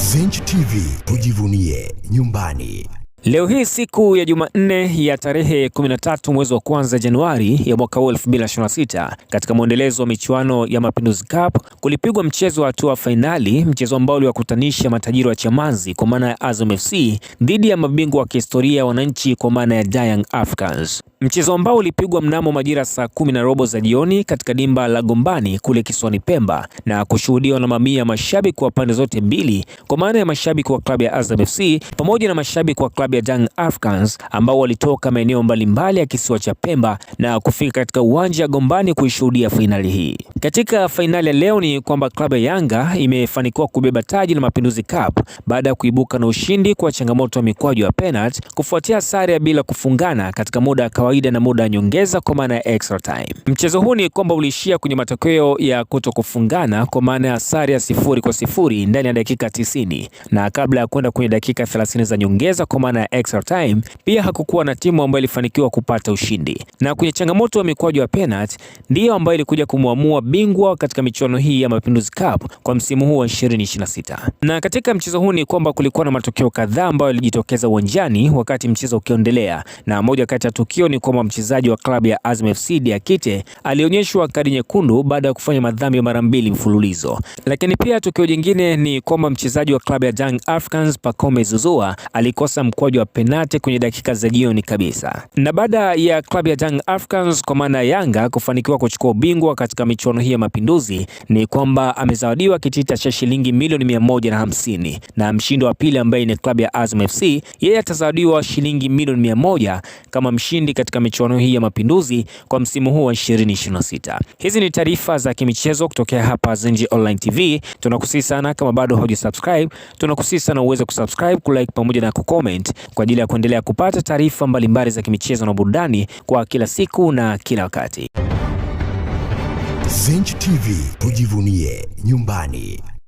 Zenj TV tujivunie nyumbani. Leo hii siku ya Jumanne ya tarehe 13 mwezi wa kwanza Januari ya mwaka huu 2026, katika mwendelezo wa michuano ya Mapinduzi Cup kulipigwa mchezo wa hatua fainali, mchezo ambao uliwakutanisha matajiri wa Chamazi kwa maana ya Azam FC dhidi ya mabingwa wa kihistoria wananchi kwa maana ya Young Africans. Mchezo ambao ulipigwa mnamo majira saa kumi na robo za jioni katika dimba la Gombani kule kisiwani Pemba na kushuhudiwa na mamia ya mashabiki wa pande zote mbili, kwa maana ya mashabiki wa klabu ya Azam FC pamoja na mashabiki wa klabu ya Young Africans ambao walitoka maeneo mbalimbali ya kisiwa cha Pemba na kufika katika uwanja wa Gombani kuishuhudia fainali hii. Katika fainali ya leo ni kwamba klabu ya Yanga imefanikiwa kubeba taji la Mapinduzi Cup baada ya kuibuka na ushindi kwa changamoto ya mikwaju ya penalti kufuatia sare ya bila kufungana katika muda kawaida na muda wa nyongeza kwa maana ya extra time. Mchezo huu ni kwamba uliishia kwenye matokeo ya kutokufungana kwa maana ya sare ya sifuri kwa sifuri ndani ya dakika 90 na kabla ya kwenda kwenye dakika 30 za nyongeza kwa maana ya extra time, pia hakukuwa na timu ambayo ilifanikiwa kupata ushindi, na kwenye changamoto ya mikwaju ya penalty ndiyo ambayo ilikuja kumwamua bingwa katika michuano hii ya Mapinduzi Cup kwa msimu huu wa 2026. Na katika mchezo huu ni kwamba kulikuwa na matokeo kadhaa ambayo yalijitokeza uwanjani wakati mchezo ukiendelea, na moja kati ya tukio ni kwamba mchezaji wa klabu ya Azam FC Diakite alionyeshwa kadi nyekundu baada ya kufanya madhambi mara mbili mfululizo. Lakini pia tukio jingine ni kwamba mchezaji wa klabu ya Young Africans Pacome Zouzoua alikosa mkwaju wa penati kwenye dakika za jioni kabisa. Na baada ya klabu ya Young Africans kwa maana Yanga kufanikiwa kuchukua ubingwa katika michuano hii ya Mapinduzi, ni kwamba amezawadiwa kitita cha shilingi milioni mia moja na hamsini na mshindi wa pili ambaye ni klabu ya Azam FC, yeye atazawadiwa shilingi milioni mia moja kama mshindi katika katika michuano hii ya Mapinduzi kwa msimu huu wa 2026. Hizi ni taarifa za kimichezo kutokea hapa Zenji Online TV. Tunakusihi sana kama bado hujasubscribe, tunakusihi sana uweze kusubscribe, kulike pamoja na kucomment kwa ajili ya kuendelea kupata taarifa mbalimbali za kimichezo na burudani kwa kila siku na kila wakati. Zenji TV, tujivunie nyumbani.